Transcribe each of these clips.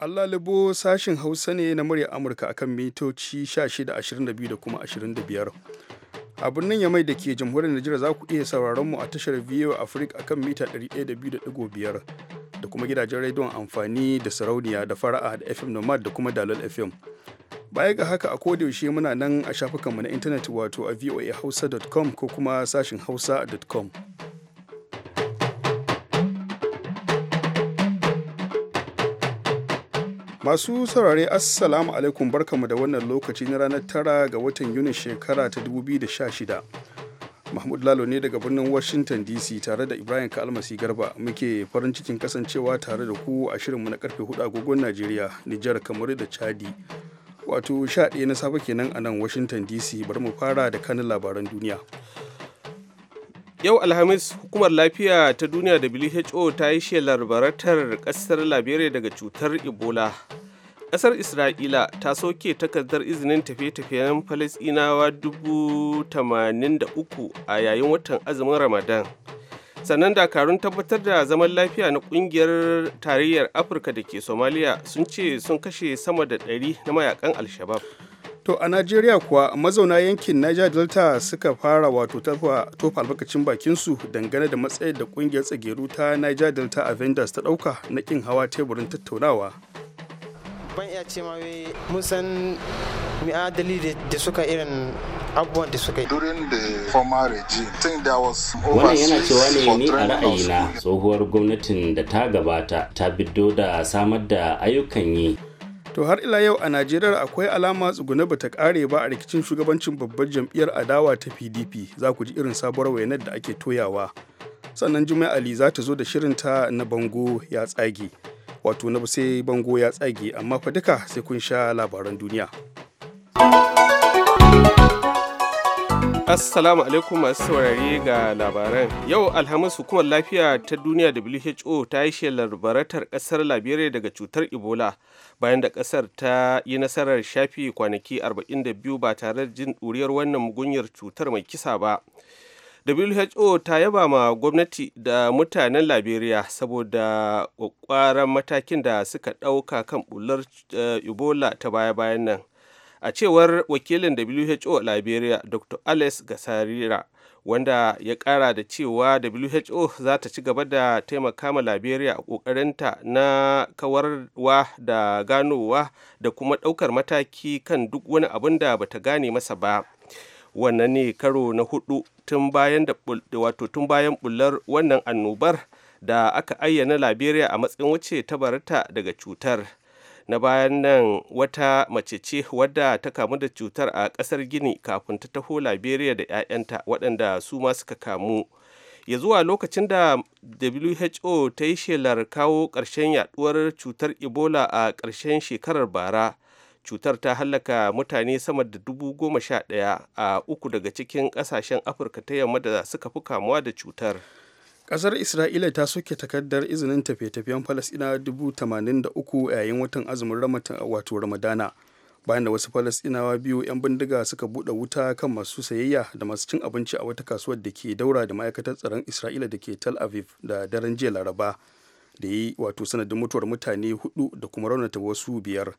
Allah Libo sashin Hausa ne na murya Amurka akan mitoci 1622 da kuma 25. A birnin Yamai da ke jamhuriyar Najeriya za ku iya sauraron mu a tashar VOA Africa akan mita 102.5 da kuma gidajen rediyon amfani da sarauniya da fara'a da FM Nomad da kuma Dalal FM. Baya ga haka a yaushe muna nan a shafukanmu na intanet wato a voahausa.com ko kuma sashin hausa.com. Masu saurare Assalamu alaikum barkamu da wannan lokaci na ranar tara ga watan Yunin shekara ta 2016. Mahmud Lalo ne daga birnin Washington DC tare da Ibrahim Kalmasi Garba muke farin cikin kasancewa tare da ku a shirinmu na karfe 4 agogon Najeriya, Nijar, kamar da Chadi. Wato 11 na safe kenan a nan Washington DC bari mu fara da kanin labaran duniya. Yau Alhamis hukumar lafiya ta duniya da WHO ta yi shelar baratar ƙasar Liberia daga cutar Ebola. kasar Isra'ila ta soke takardar izinin tafiye-tafiyen falasinawa 83 a yayin watan azumin Ramadan. Sannan dakarun tabbatar da zaman lafiya na kungiyar tarayyar Afirka da ke Somalia sun ce sun kashe sama da 100 na mayakan Al-Shabab. To a Najeriya kuwa mazauna yankin Niger Delta suka fara wato tofa albarkacin bakinsu dangane da matsayin da kungiyar tsageru ta Niger Delta Avengers ta dauka na kin hawa teburin tattaunawa. Ban iya ce ma mun san mi'adali da suka irin abubuwan da suka yi. Wannan yana cewa ne ni a ra'ayina tsohuwar gwamnatin da ta gabata ta biddo da samar da ayyukan yi to har ila yau a najeriya akwai alama tsuguna ba ta kare ba a rikicin shugabancin babbar jam'iyyar adawa ta pdp za ku ji irin sabuwar wayanar da ake toyawa sannan juma'a ali za ta zo da shirinta na bango ya tsage wato na sai bango ya tsage amma fa duka sai kun sha labaran duniya Assalamu alaikum masu saurare ga labaran. Yau Alhamis hukumar lafiya ta duniya WHO ta yi shelar baratar kasar Liberia daga cutar Ebola bayan da kasar ta yi nasarar shafi kwanaki 42 ba tare da jin ɗuriyar wannan mugunyar cutar mai kisa ba. WHO ta yaba ma gwamnati da mutanen Liberia saboda kwakwaran matakin da suka ɗauka kan bular eh, Ebola ta baya-bayan nan. a cewar wakilin who liberia dr alex gasarira wanda ya kara da cewa who za ta ci gaba da taimaka ma liberia a kokarinta na kawarwa da ganowa da kuma daukar mataki kan duk wani abin da bata gane masa ba wannan ne karo na hudu tun bayan da wato tun bayan bullar wannan annobar da aka ayyana liberia a matsayin wace ta barata daga cutar na bayan nan wata mace ce wadda ta kamu da cutar a kasar gini kafin ta taho liberia da 'ya'yanta waɗanda su ma suka kamu ya zuwa lokacin da who ta yi shelar kawo ƙarshen yaduwar cutar ebola a ƙarshen shekarar bara cutar ta hallaka mutane sama da dubu goma sha ɗaya a uku daga cikin ƙasashen afirka ta yamma da suka fi kamuwa da cutar kasar Isra'ila ta soke takardar izinin tafiye-tafiyen falasina dubu da uku yayin watan azumin wato Ramadana. Bayan da wasu Falasɗinawa biyu 'yan bindiga suka buɗe wuta kan masu sayayya da masu cin abinci a wata kasuwar da ke daura da ma'aikatar tsaron Isra'ila da ke Tel Aviv da daren jiya Laraba. da yi wato sanadin mutuwar mutane hudu da kuma raunata wasu biyar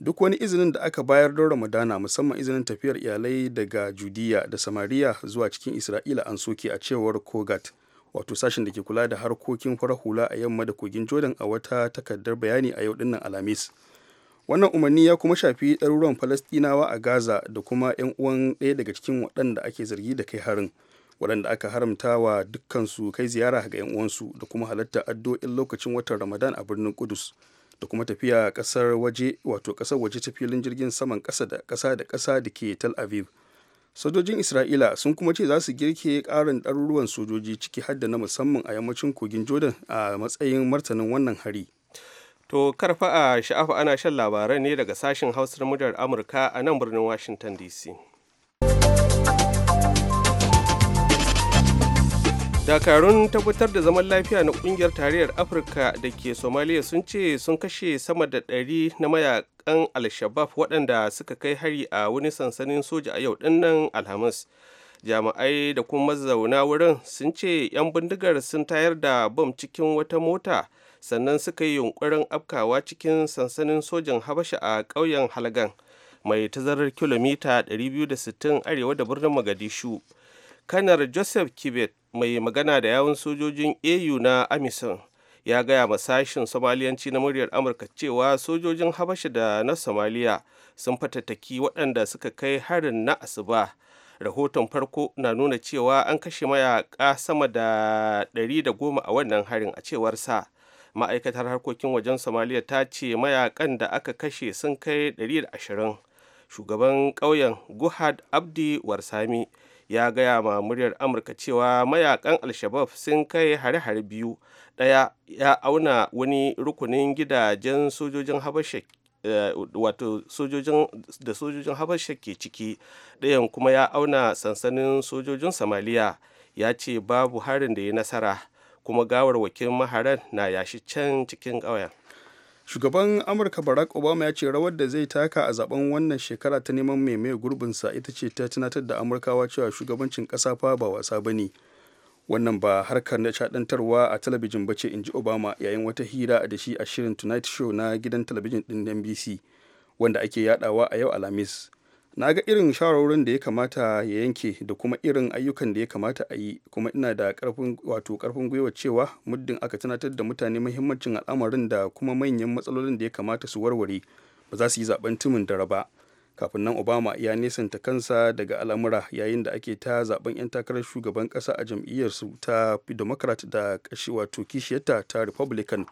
duk wani izinin da aka bayar don ramadana musamman izinin tafiyar iyalai daga judiya da samariya zuwa cikin isra'ila an soke a cewar kogat wato sashen da ke kula da harkokin farar hula a yamma da kogin jordan a wata takardar bayani a yau dinnan alhamis wannan umarni ya kuma shafi ɗaruruwan falastinawa a gaza da kuma 'yan uwan ɗaya daga cikin waɗanda ake zargi da kai harin waɗanda aka haramta wa dukkansu kai ziyara ga 'yan uwansu da kuma halatta addu'o'in lokacin watan ramadan a birnin kudus da kuma tafiya ƙasar waje wato ƙasar waje ta filin jirgin saman ƙasa da ƙasa da ƙasa da ke tel aviv sojojin isra'ila sun kuma ce za su girke karin ɗaruruwan sojoji ciki hadda na musamman a yammacin kogin jordan a matsayin martanin wannan hari to karfa a sha'afa ana shan labaran ne daga sashen hausar muryar amurka a nan birnin washington dc dakarun tabbatar da zaman lafiya na kungiyar tarayyar afirka da ke somaliya sun ce sun kashe sama da ɗari na mayakan al-shabab waɗanda suka kai hari a wani sansanin soja a yau dinnan alhamis jami'ai da kuma mazauna wurin sun ce 'yan bindigar sun tayar da bom cikin wata mota sannan suka yi yunkurin afkawa cikin sansanin sojan habasha a ƙauyen halagan mai tazarar kilomita 260 arewa da birnin magadishu kanar joseph kibet mai magana da yawun sojojin au na amisan ya gaya ma sashin somaliyanci na muryar amurka cewa sojojin habasha da na somaliya sun fatattaki waɗanda suka kai harin na asuba rahoton farko na nuna cewa an kashe mayaka sama da 110 a wannan harin a cewar sa ma'aikatar harkokin wajen somaliya ta ce mayakan da aka kashe sun kai 120 shugaban ƙauyen guhad abdi warsami ya gaya ma muryar amurka cewa mayakan alshabab sun kai hare-hare biyu daya ya auna wani rukunin gidajen sojojin habasha eh, wato sojojin da sojojin habasha ke ciki ɗayan kuma ya auna sansanin sojojin somaliya ya ce babu harin da ya nasara kuma gawar gawarwakin maharan na yashi can cikin ƙauyen shugaban amurka barack obama ya ce rawar da zai taka a zaben wannan shekara ta neman maimaye gurbinsa ita ce ta tunatar da amurkawa cewa shugabancin ƙasa fa ba wasa ba ne wannan ba harkar na shaɗantarwa a talabijin ba ce inji obama yayin wata hira da shi a shirin tonight show na gidan talabijin ɗin nbc wanda ake yadawa a yau alhamis na ga irin shawarwarin da ya kamata ya yanke da kuma irin ayyukan da ya kamata a yi kuma ina da karfin wato karfin gwiwa cewa muddin aka tunatar da mutane muhimmancin al'amarin da kuma manyan matsalolin da ya kamata su warware ba za su yi zaben tumin dare ba kafin nan obama ya nesanta kansa daga al'amura yayin da ake ta zaben 'yan takarar shugaban kasa a jam'iyyarsu ta democrat da kashi wato kishiyarta ta republican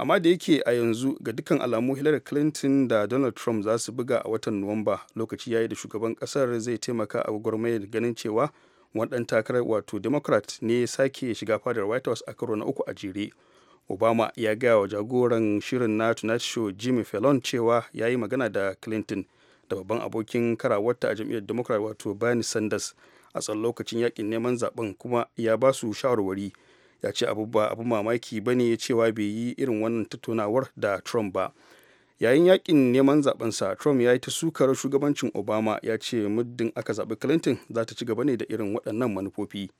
amma da yake a yanzu ga dukkan alamu hillary clinton da donald trump za su buga a watan nuwamba lokaci yayi da shugaban kasar zai taimaka a gwagwarmayar ganin cewa wadan takarar wato democrat ne sake shiga fadar white house a karo na uku a jere obama ya gaya wa jagoran shirin na tonight show jimmy fallon cewa ya yi magana da clinton da babban abokin karawarta a jam'iyyar democrat wato bernie sanders a tsan lokacin yakin neman zaben kuma ya ba su shawarwari ya ce abu ba abu mamaki ba ne ya cewa bai yi irin wannan tattaunawar da trump ba yayin yakin neman zabensa trump ya yi ta sukar shugabancin obama ya ce muddin aka zaɓi clinton za ta ci gaba ne da irin waɗannan manufofi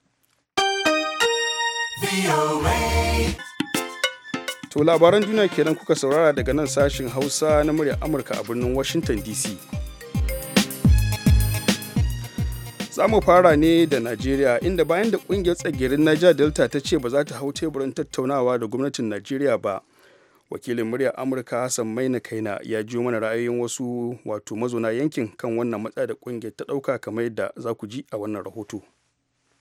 to labaran duniya kenan kuka saurara daga nan sashin hausa na murya amurka a birnin washington dc Za mu fara ne da Najeriya inda bayan da kungiyar tsagirin Niger Delta ta ce ba za ta hau teburin tattaunawa da gwamnatin Najeriya ba. Wakilin muryar Amurka Hassan Maina Kaina ya ji mana ra'ayoyin wasu wato mazauna yankin kan wannan matsa da kungiyar ta dauka kamar yadda za ku ji a wannan rahoto.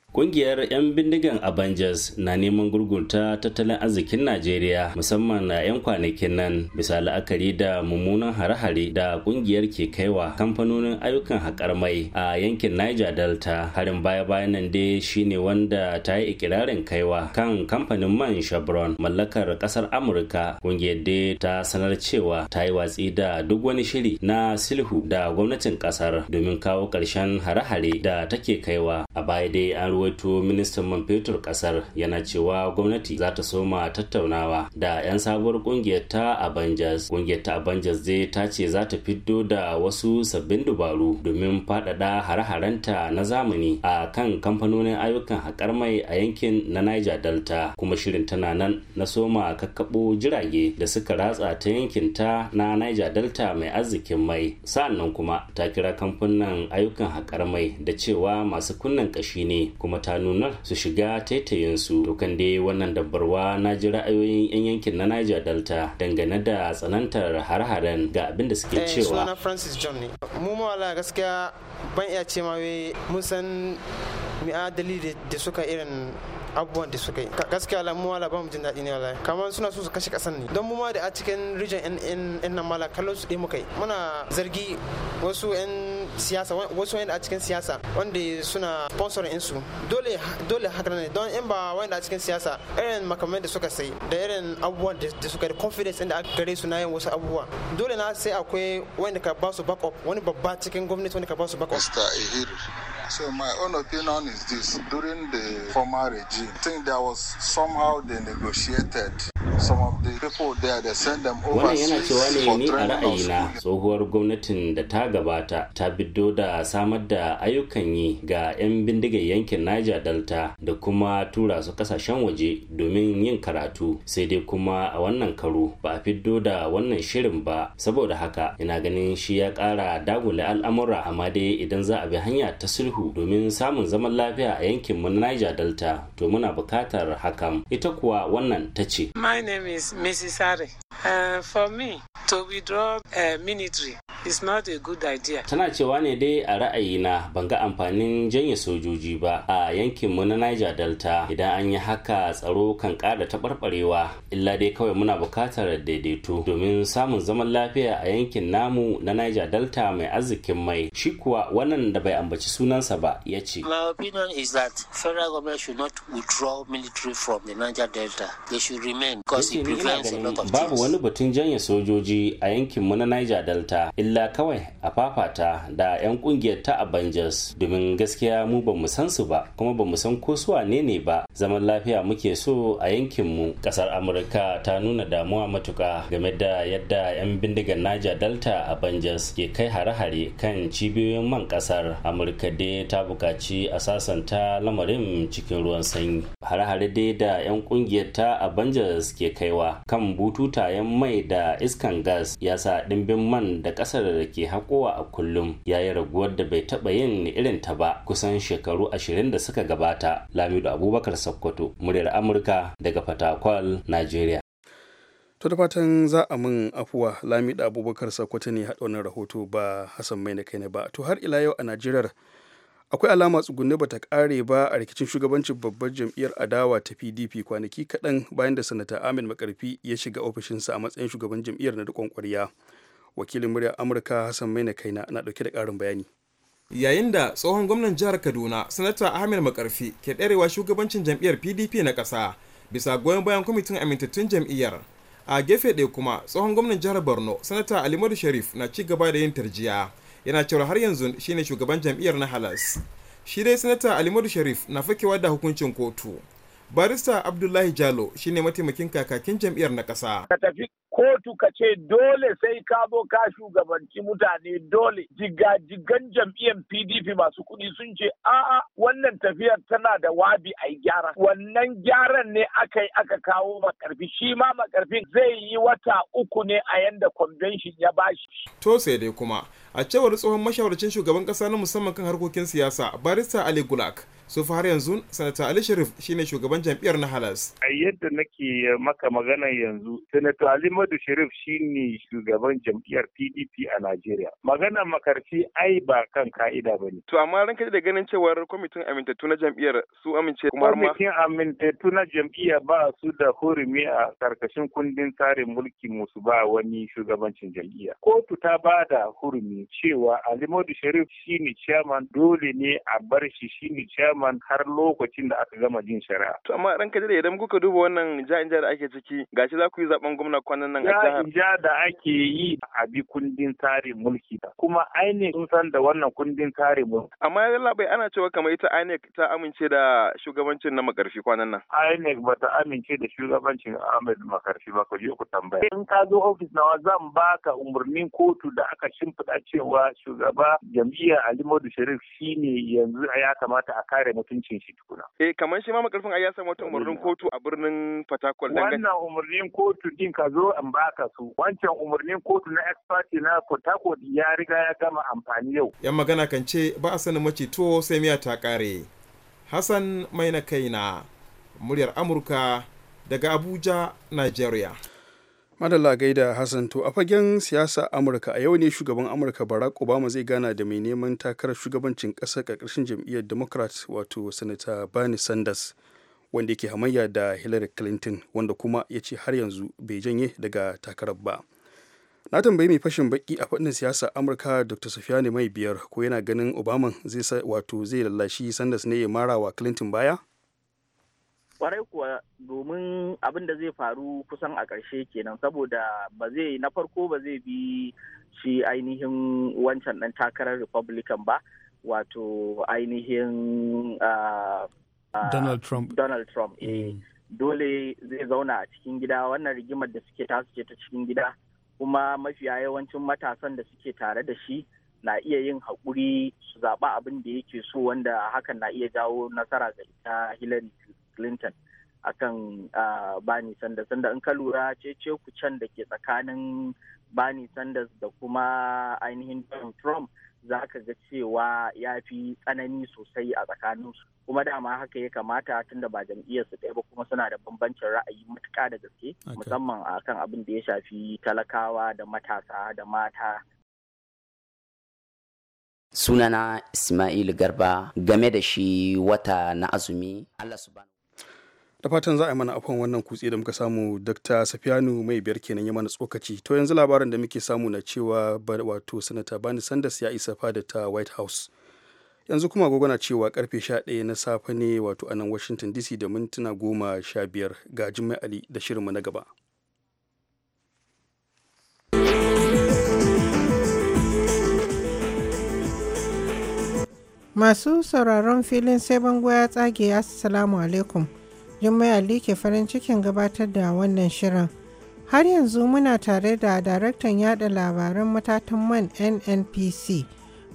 Kungiyar 'yan bindigan Avengers na neman gurgunta tattalin arzikin Najeriya musamman na 'yan kwanakin nan bisa la'akari da mummunan hare-hare da kungiyar ke kaiwa kamfanonin ayyukan haƙar mai a yankin Niger Delta harin baya-bayan nan dai shine wanda ta yi ikirarin kaiwa kan kamfanin man Chevron mallakar ƙasar Amurka kungiyar dai ta sanar cewa ta yi watsi da duk wani shiri na sulhu da gwamnatin ƙasar domin kawo ƙarshen hare-hare da take kaiwa a baya dai an ruwaito ministan man fetur kasar yana cewa gwamnati za ta soma tattaunawa da 'yan sabuwar kungiyar ta Avengers. Kungiyar ta Avengers dai ta ce za ta fiddo da wasu sabbin dubaru domin faɗaɗa hare-harenta na zamani a kan kamfanonin ayyukan haƙar mai a yankin na Niger Delta kuma shirin tana nan na soma kakkaɓo jirage da suka ratsa ta yankin ta na Niger Delta mai arzikin mai. Sa'an kuma ta kira kamfanin ayyukan haƙar mai da cewa masu kunnen ƙashi ne kuma ta nuna su shiga taitayinsu dokan dai wannan dabbarwa na ji ra'ayoyin 'yan yankin na niger delta dangane da tsanantar har-haren ga abin da suke eh, cewa suna francis john ne mu mawala gaskiya ban iya ce ma mun san mi'adali da suka irin abubuwan da suka yi gaskiya lamu wala ba mu jin daɗi ne wala kamar suna so su kashe ƙasan ne don mu ma da a cikin region in nan mala kallon su ɗaya muka yi muna zargi wasu yan siyasa wasu wanda a cikin siyasa wanda suna sponsor su dole dole haka ne don in ba wanda a cikin siyasa irin makamai da suka sai da irin abubuwan da suka da confidence inda aka gare su na yin wasu abubuwa dole na sai akwai wanda ka ba su backup wani babba cikin gwamnati wanda ka ba su backup So my own opinion is this: during the former regime, I think there was somehow they negotiated Wannan yana cewa ne ni a ra'ayina tsohuwar gwamnatin da ta gabata ta bido da samar da ayyukan yi ga 'yan bindigar yankin Niger Delta da kuma tura su kasashen waje domin yin karatu sai dai kuma a wannan karo ba a fiddo da wannan shirin ba saboda haka ina ganin shi ya kara dagula al'amura amma dai idan za a bi hanya ta sulhu domin samun zaman lafiya a yankin mu Niger Delta to muna bukatar hakan ita kuwa wannan ta ce. name is Mrs. Harry. Uh, for me, to withdraw uh, military is not a good idea. Tana cewa ne dai a ra'ayi na ban ga amfanin janye sojoji ba a yankin mu na Niger Delta idan an yi haka tsaro kan ƙara taɓarɓarewa illa dai kawai muna buƙatar daidaito domin samun zaman lafiya a yankin namu na Niger Delta mai arzikin mai shi kuwa wannan da bai ambaci sunansa ba ya ce. My opinion is that federal government should not withdraw military from the Niger Delta. They should remain because it prevents a lot of things. Babu wani batun janye sojoji a yankin mu na Niger Delta illa illa kawai a fafata da 'yan kungiyar ta Avengers domin gaskiya mu ba mu san su ba kuma ba mu san ko su wane ne ba zaman lafiya muke so a yankinmu kasar Amurka ta nuna damuwa matuka game da yadda 'yan bindigar Niger Delta Avengers ke kai hare-hare kan cibiyoyin man kasar Amurka dai ta buƙaci a sasanta lamarin cikin ruwan sanyi hare-hare dai da 'yan kungiyar ta Avengers ke kaiwa kan bututayen mai da iskan gas ya sa dimbin man da ƙasar ƙasar da ke haƙowa a kullum ya yi raguwar da bai taɓa yin irin ta ba kusan shekaru ashirin da suka gabata lamido abubakar sokoto muryar amurka daga fatakwal nigeria to da fatan za a min afuwa lamido abubakar sokoto ne haɗa wannan rahoto ba hassan mai na kai ne ba to har ila yau a najeriya akwai alama tsugunne bata kare ba a rikicin shugabancin babbar jam'iyyar adawa ta pdp kwanaki kaɗan bayan da sanata amin makarfi ya shiga ofishinsa a matsayin shugaban jam'iyyar na da kwankwariya wakilin muryar amurka hassan na kai na dauke da karin bayani yayin da tsohon gwamnan jihar kaduna sanata ahmed makarfi ke ɗarewa shugabancin jam'iyyar pdp na ƙasa bisa goyon bayan kwamitin amintattun jam'iyyar a gefe ɗaya kuma tsohon gwamnan jihar borno sanata alimadu sharif na ci gaba da yin tarjiya yana cewa har yanzu shine shugaban jam'iyyar na halas shi dai sanata alimadu sharif na fakewa da hukuncin kotu barista abdullahi jalo shine mataimakin kakakin jam'iyyar na ƙasa kotu ka ce dole sai ka zo ka shugabanci mutane dole jigajigan jam'iyyar pdp masu kuɗi sun ce a'a wannan tafiyar tana da wabi a gyara wannan gyaran ne aka yi aka kawo makarfi shi ma makarfin zai yi wata uku ne a yanda convention ya bashi to sai dai kuma a cewar tsohon mashawarcin shugaban kasa na musamman kan harkokin siyasa barista ali gulak su har yanzu sanata ali sharif shine shugaban jam'iyyar na halas a yadda nake maka magana yanzu sanata ali Ahmadu Sharif shine shugaban jam'iyyar PDP a Najeriya. magana makarci ai ba kan ka'ida ba ne. To amma kai da ganin cewar kwamitin amintattu na jam'iyyar su amince kuma ma. Kwamitin amintattu na jam'iyya ba su da hurumi a karkashin kundin tsarin mulki musu ba wani shugabancin jam'iyya. Kotu ta ba da hurumi cewa Ahmadu Sharif shine chairman dole ne a bar shi shine chairman har lokacin da aka gama jin shari'a. To amma kai da idan kuka duba wannan jami'ar da ake ciki gashi za ku yi zaben gwamna kwanan nan a jihar. da ake yi a bi kundin tsarin mulki kuma INEC sun san da wannan kundin tsarin mulki. Amma ya labai ana cewa kamar ita INEC ta amince da shugabancin na makarfi kwanan nan. INEC ba ta amince da shugabancin Ahmed makarfi ba ku je ku tambaya. In ka zo ofis nawa zan ka umarnin kotu da aka shimfiɗa cewa shugaba jam'iyyar Ali Modu Sharif shine yanzu ya kamata a kare mutuncin shi tukuna. Eh kamar shi ma makarfin ai ya samu wata umarnin kotu a birnin Fatakwal. Wannan umarnin kotu din ka zo in baka su wancan umarnin kotu na expert na Port ya riga ya gama amfani yau yan magana kan ce ba a sanin mace to sai miya ta kare Hassan mai na kai na muryar Amurka daga Abuja Nigeria madalla gaida hassan to a fagen siyasa amurka a yau ne shugaban amurka barack obama zai gana da mai neman takarar shugabancin ƙasar ƙarƙashin jam'iyyar democrat wato sanata bernie sanders wanda yake hamayya da hillary clinton wanda kuma ya ce har yanzu bai janye daga takarar ba na tambayi mai fashin baki a faɗin siyasa amurka dr sufiyani mai biyar ko yana ganin obama zai wato zai lallashi sanders ne ya mara wa clinton baya kwarai kuwa domin abin da zai faru kusan a ƙarshe kenan saboda ba zai na farko ba zai bi shi ainihin wancan ɗan takarar republican ba wato ainihin ah, Ah, Donald Trump. Donald Trump, eh. Hmm. Dole zai zauna a cikin gida wannan rigimar da suke tasu ce ta cikin gida kuma mafiya yawancin matasan da suke tare da shi na iya yin haƙuri su zaɓa abin da yake so wanda hakan na iya jawo nasara ga ita Hillary Clinton akan ah, Bernie Sanders. Sanda in ka lura ce ce ku can da ke tsakanin Bernie Sanders da kuma ainihin Donald Trump. za ka ga cewa ya fi tsanani sosai a tsakaninsu kuma dama haka ya kamata tunda ba jam'iyyar su ɗaya ba kuma suna da bambancin ra'ayi matuƙa da gaske musamman a kan abin da ya shafi talakawa da matasa da mata sunana Ismail Garba game da shi wata na azumi Allah subhanahu da fatan za a yi mana afon wannan kutse da muka samu dr safiyanu mai biyar kenan ya mana tsokaci to yanzu labarin da muke samu na cewa wato sanata bani sanders ya isa fada ta white house yanzu kuma agogo na cewa karfe 11 na safe ne wato a nan washington dc da mintuna goma sha biyar ga jimai ali da shirinmu na gaba masu sauraron filin sai bango ya tsage assalamu alaikum Jummai Ali ke farin cikin gabatar da wannan shirin. Har yanzu muna tare da daraktan yada labaran matatan man NNPC,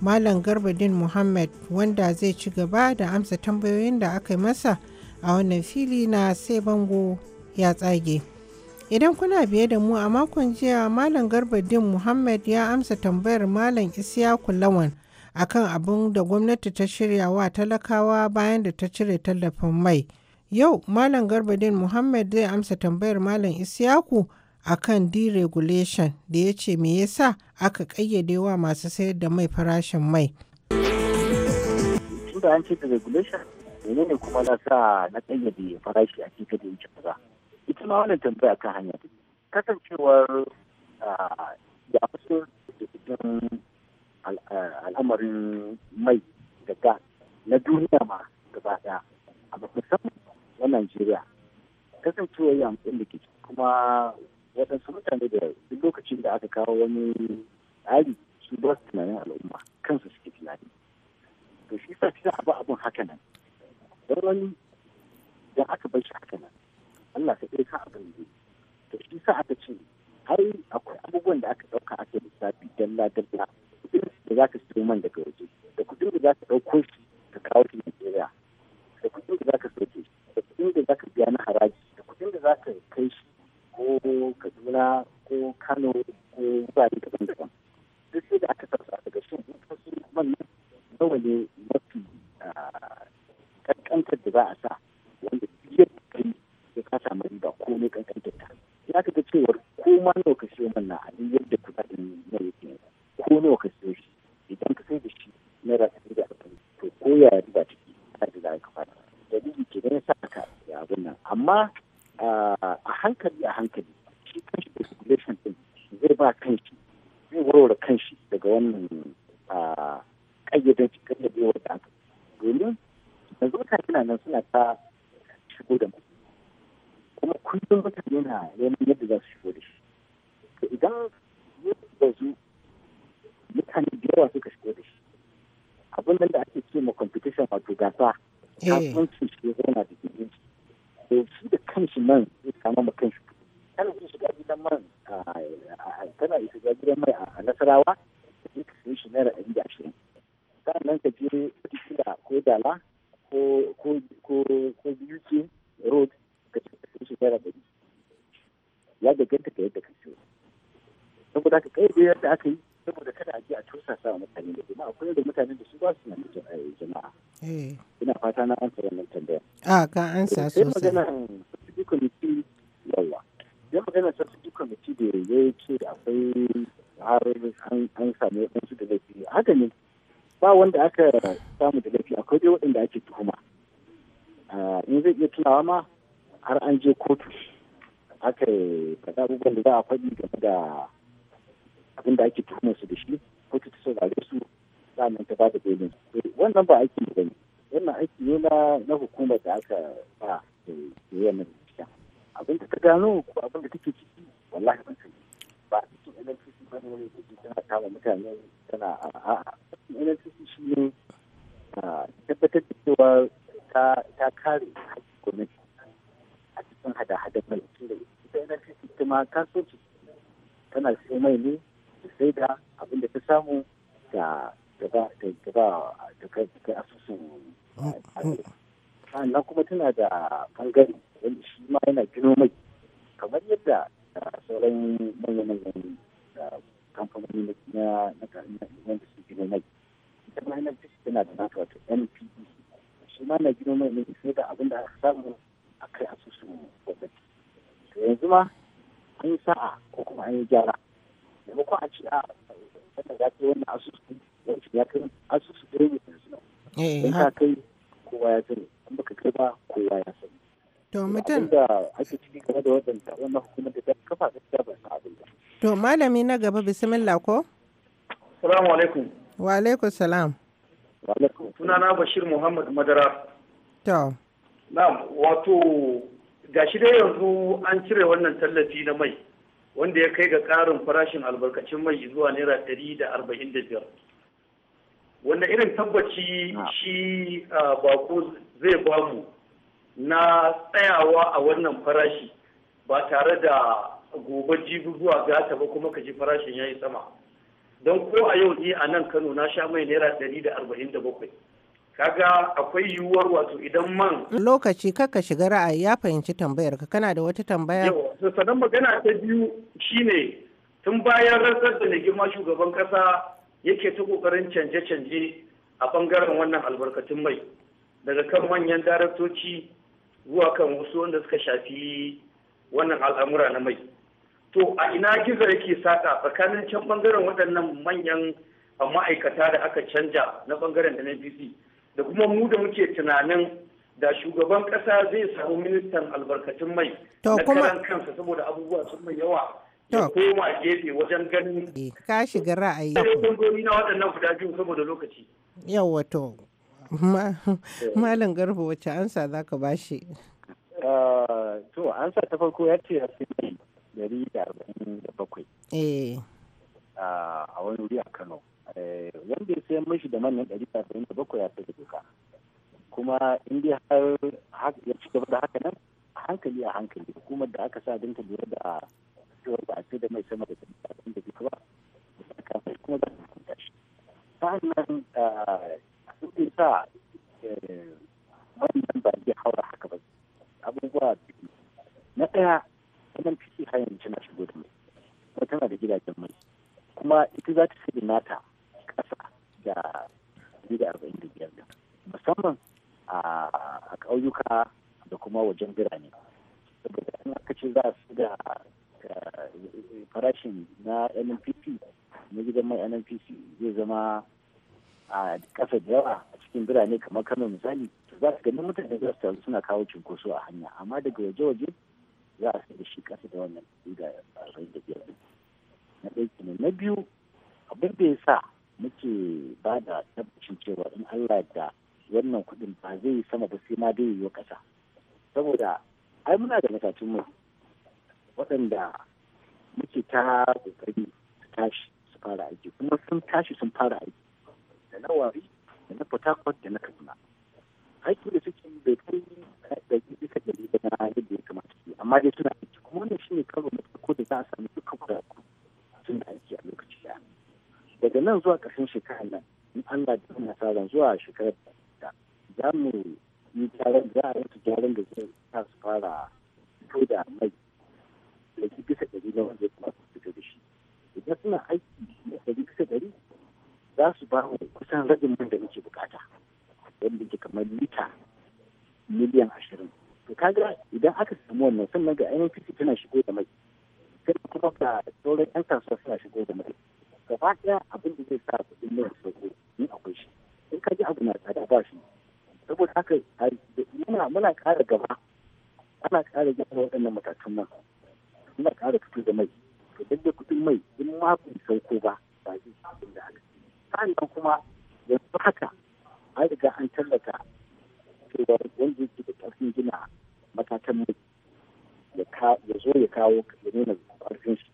Malam Garbadin Muhammad, wanda zai ci gaba da amsa tambayoyin da aka masa a wannan fili na sai bango ya tsage. Idan kuna biye da mu a makon jiya, Malam Garbadin Muhammad ya amsa tambayar Malam Isiyaku Lawan akan abin da gwamnati ta shirya wa talakawa bayan da ta cire tallafin mai. Yau Malam Garbadin Muhammad zai amsa tambayar Malam Isiyaku a kan deregulation da ya ce me yasa aka ƙayyade wa masu sayar da mai farashin mai. da an ce deregulation menene kuma na sa na ƙayyade farashi a cikin da yake ba. Ita ma wannan tambaya kan hanya ta kasancewar ya fito da al'amarin mai da gas na duniya ma kawo wani kankanta ta za ka ga cewar ko ma nawa ka siyo man na a da aka yi saboda kada a je a tursasa wa mutane da jama'a akwai da mutanen da su ba su na jama'a eh, eh. ina fata na ansa wannan tambaya a ka ansa eh, sosai sai magana subsidy kwamiti yawa sai magana subsidy kwamiti da ya yi ce akwai har an samu wadansu da laifi haka ne ba wanda aka samu da laifi akwai dai waɗanda ake tuhuma in zai iya tunawa ma har an je kotu aka yi faɗa abubuwan da za a faɗi game da abin da ake tuhumar su da shi ko ta saurare su sannan ta ba da belin eh, wannan ba aiki ba ne wannan aiki ne na hukumar da aka ba da yanar cikin abin da ta gano ko abin da take ciki wallahi ban sani ba a cikin NNPC ba ne wani da tana kama mutane tana a'a cikin NLCC shi ne tabbatar da cewa ta kare haƙƙin gwamnati a cikin hada hada mai cire ita NNPC ta ma kasuwanci tana sai mai ne sai da abin da ta samu ta ba ta asusun mm, mm. sannan kuma tana da bangare wanda shi ma yana gino mai kamar yadda ah, sauran manya-manyan ah, kamfanoni na wanda su gino mai ita ma yana tana da nata wato npd e. shi ma na gino mai ne sai da abin da aka samu a kai asusun gwamnati to yanzu ma an yi sa'a ko kuma an yi gyara maimakon a ce ah, a eh, eh, mutum da ake ciki game da wadanda wannan hukumar da ta kafa ta bar abin to malami na gaba bismillah ko wa alaikum salam bashir muhammad madara wato gashi dai yanzu an cire wannan tallafi na mai wanda ya kai ga ƙarin farashin albarkacin mai zuwa naira ɗari da arba'in da biyar wanda irin tabbaci ah. shi ah, bako zai ba mu na tsayawa a wannan farashi ba tare da gobe jibi zuwa gata ba kuma ka ji farashin ya yi sama don ko a yau ne a nan kano na sha mai naira ɗari da arba'in da bakwai kaga akwai yiwuwar wato idan man lokaci kaka shiga ra'ayi ya fahimci tambayar ka kana da wata tambaya yawa sannan magana ta biyu shine tun bayan rantsar da girma shugaban kasa yake ta kokarin canje-canje a bangaren wannan albarkatun mai daga kan manyan daraktoci zuwa kan wasu wanda suka shafi wannan al'amura na mai to a ina gizo yake saka tsakanin can bangaren waɗannan manyan ma'aikata da aka canja na bangaren nnpc da kuma mu da muke tunanin da shugaban kasa zai samu ministan albarkatun mai na karan kansa saboda abubuwa sun mai yawa ya koma gefe wajen ganin e, ka shiga ra'ayi sai kungiyoyi na waɗannan guda biyu saboda lokaci yawa to malam garba wacce ansa za ka shi. Ah, to ansa ta farko ya ce ya fi dari da arba'in da bakwai eh. ah, a wani wuri a kano Eh, wanda ya sayan mashi da manyan ɗari arba'in da bakwai ya da duka kuma in dai har ya ci gaba da haka nan a hankali a hankali hukumar da aka sa don ta lura da cewa ba a ce da mai sama da ɗari arba'in da duka ba kuma za ta hukunta shi sa'annan sun eh, ke sa eh, wannan ba zai haura haka ba abubuwa biyu na ɗaya wannan fiye hanyar yanzu tana shigo da mai kuma tana da gidajen mai kuma ita za ta sai nata da arba'in musamman a ƙauyuka da kuma wajen birane saboda an aka ce za su da eh, farashin na nnpc na gidan mai nnpc zai zama a ƙasa da yawa a cikin birane kamar kano misali za su gani mutane za su taru suna kawo cunkoso a hanya amma daga waje-waje za a da shi ƙasa da wannan da arba'in da biyar na ɗaya na biyu abin da ya sa muke ba da lokacin cewa in Allah da wannan kuɗin ba zai yi sama ba sai ma dai yiwu kasa saboda ai muna da matatun mu. waɗanda muke ta kokari su tashi su fara aiki kuma sun tashi sun fara aiki da na wari da na port da na kaduna aiki da suke bai kai da bisa ɗari ba na yadda ya kamata su amma dai suna aiki kuma wannan shine karo na farko da za a sami dukkan kuɗaɗe sun da aiki a lokaci ɗaya daga nan zuwa ƙarshen shekarar nan in Allah da muna sa ran zuwa shekarar da za mu yi gyaran za a su gyaran da zai sa su fara fito da mai da ji bisa ɗari na wanda kuma su fito da shi idan suna aiki da ɗari bisa ɗari za su ba mu kusan rabin man da muke bukata wanda ke kamar lita miliyan ashirin to kaga idan aka samu wannan sannan ga ainihin tana shigo da mai sai kuma ga sauran 'yan kasuwa suna shigo da mai gaba ɗaya abin da zai sa kuɗin mai sauko in akwai shi in ka ji abu na tsada ba shi saboda haka muna muna ƙara gaba ana ƙara gaba waɗannan matakan nan muna ƙara fito da mai to duk da kuɗin mai in ma bai sauko ba ba zai ci abin da haka sannan kuma yanzu haka an riga an tallata cewa wanda yake da ƙarfin gina matakan mai ya zo ya kawo ya nuna ƙarfin shi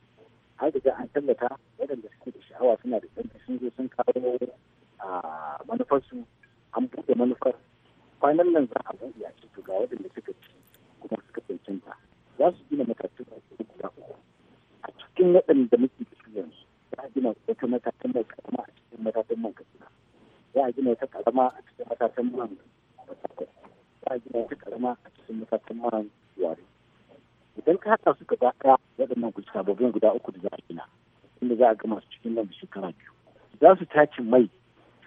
har da an tallata waɗanda suke da sha'awa suna da ƙarfi sun zo sun kawo manufarsu an buɗe manufar kwanan nan za a buɗe a cikin ga waɗanda suka ci kuma suka cancanta za su gina matakin da guda uku a cikin waɗanda muke da su yanzu za a gina wata matakin mai karama a cikin matakin man kasuwa za a gina wata karama a cikin matakin man za a gina wata karama a cikin matakin man wari idan ka haɗa su gaba ɗaya waɗannan sababbin guda uku da za a gina inda za a gama su cikin nan da shekara biyu za su tace mai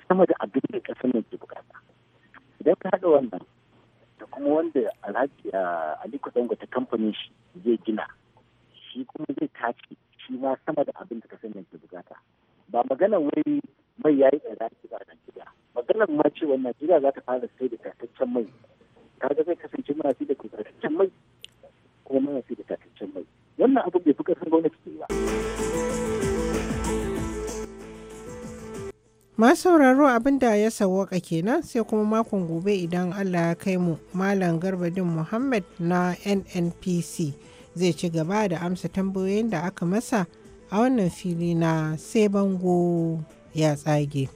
sama da abin da ƙasar nan ke bukata idan ka haɗa wannan da kuma wanda alhaji ah, aliko ta kamfanin shi zai gina shi kuma zai tace shi ma sama da abin da ƙasar nan ke bukata ba magana wai mai yayi za ke ba gida maganar ma cewa Najeriya za ta fara sai da tataccen mai kaga zai kasance muna sai da tataccen mai komai sai da mai wannan abin bai fi ƙarfin gwamnati ba. Ma sauraro abin da ya sawwaka kenan sai kuma makon gobe idan Allah ya kai mu Malam Garbadin Muhammad na NNPC zai ci gaba da amsa tambayoyin da aka masa a wannan fili na sai bango ya tsage.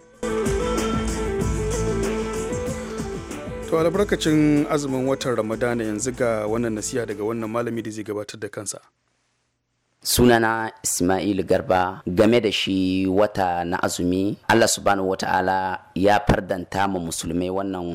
to albarkacin azumin watan ramadana yanzu ga wannan nasiha daga wannan malami da zai gabatar da kansa sunana Ismail Garba game da shi wata na azumi Allah subhanahu wata'ala ya fardanta ma musulmai wannan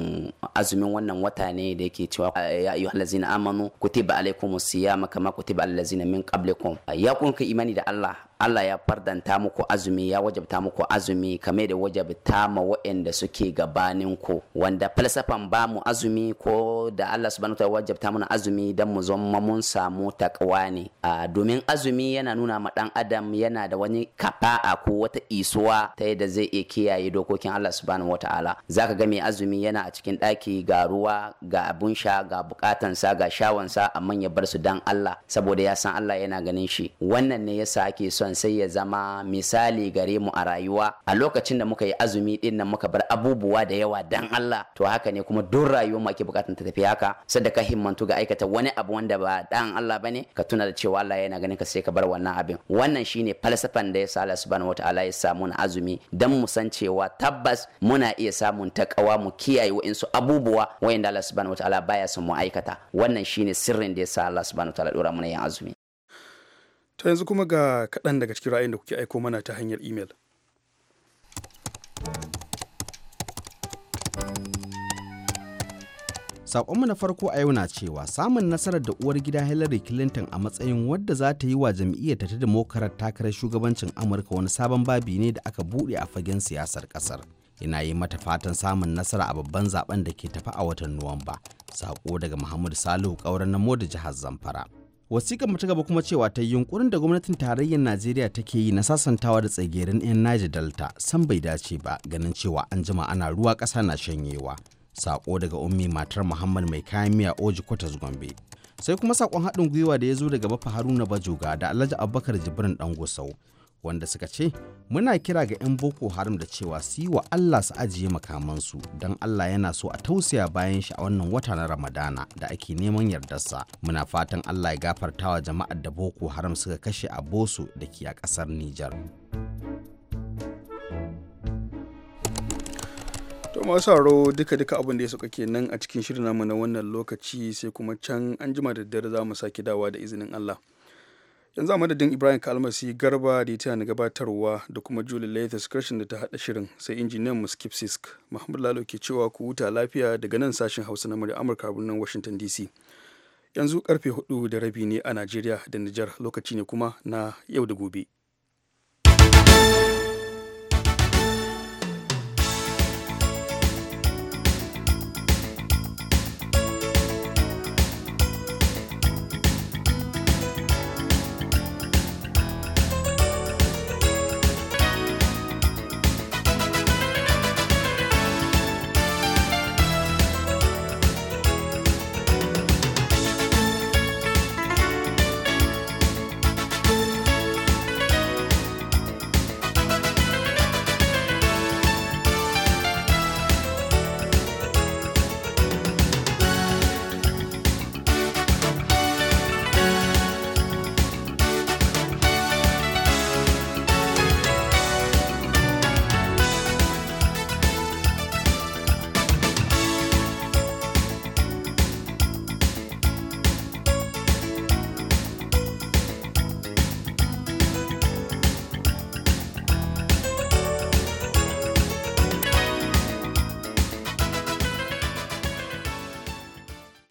azumin wannan wata ne da yake cewa ya ayyuhal ladzina amanu kutiba alaikumus siyama kama kutiba alal ladzina min qablikum ya kunka imani da Allah Allah ya fardanta muku azumi ya wajabta muku azumi kamar da wajabta ma waɗanda suke gabanin ku wanda falsafan ba mu azumi ko da Allah subhanahu wa wajabta mana azumi dan mu zama mun samu takwa ne domin azumi yana nuna ma dan adam yana da wani kafa'a ko wata isuwa ta yadda zai iya kiyaye dokokin Allah subhanahu wa ta'ala zaka ga mai azumi yana a cikin ɗaki ga ruwa ga abun sha ga sa ga shawansa amma ya bar su dan Allah saboda ya san Allah yana ganin shi wannan ne yasa ake son sai ya zama misali gare mu a rayuwa a lokacin da muka yi azumi din nan muka bar abubuwa da yawa dan Allah to haka ne kuma duk rayuwa mu ake bukatun ta tafi haka sai da ka himmantu ga aikata wani abu wanda ba dan Allah bane ka tuna da cewa Allah yana ganin ka sai ka bar wannan abin wannan shine falsafan da ya sa Allah subhanahu wataala ya samu na azumi dan mu san cewa tabbas muna iya samun takawa mu kiyaye wa'insu abubuwa da Allah subhanahu wataala baya son mu aikata wannan shine sirrin da ya sa Allah subhanahu wataala dora mana yin azumi ta yanzu kuma ga kaɗan daga cikin ra'ayin da kuke aiko mana ta hanyar imel. Saƙonmu na farko a yau na cewa samun nasarar da uwar gida Hillary Clinton a matsayin wadda za ta yi wa jam'iyyar ta demokarat takarar shugabancin Amurka wani sabon babi ne da aka buɗe a fagen siyasar ƙasar. yana yi mata fatan samun nasara a babban zaben da ke tafi a watan Nuwamba. Saƙo daga Muhammadu Salihu ƙauren na Moda jihar Zamfara. wasikar mu gaba kuma cewa ta yunkurin da gwamnatin tarayyar najeriya take yi na sasantawa da tsagerin 'yan niger delta san bai dace ba ganin cewa an jima ana ruwa ƙasa na shanyewa saƙo daga ummi matar muhammad mai kayan miya oji kwatas gombe sai kuma sakon haɗin gwiwa da ya zo daga bafa haruna bajoga da alhaji abubakar jibrin dan gusau wanda suka ce muna kira ga 'yan boko haram da cewa su yi wa allah su ajiye makamansu don allah yana so a tausaya bayan shi a wannan wata na ramadana da ake neman yardarsa muna fatan allah ya gafarta wa jama'ar da boko haram suka kashe a boso da ke a kasar nijar to masu duka duka abin da ya sauka nan a cikin shirin namu na wannan lokaci sai kuma can an jima da daddare za mu sake dawa da izinin allah yanzu a madadin ibrahim kalmasi garba da ta na gabatarwa da kuma juli lathis kirshen da ta haɗa shirin sai injiniyan mu sisk mahmud lalo ke cewa ku huta lafiya daga nan sashen hausa na murya amurka birnin washington dc yanzu karfe hudu da rabi ne a najeriya da nijar lokaci ne kuma na yau da gobe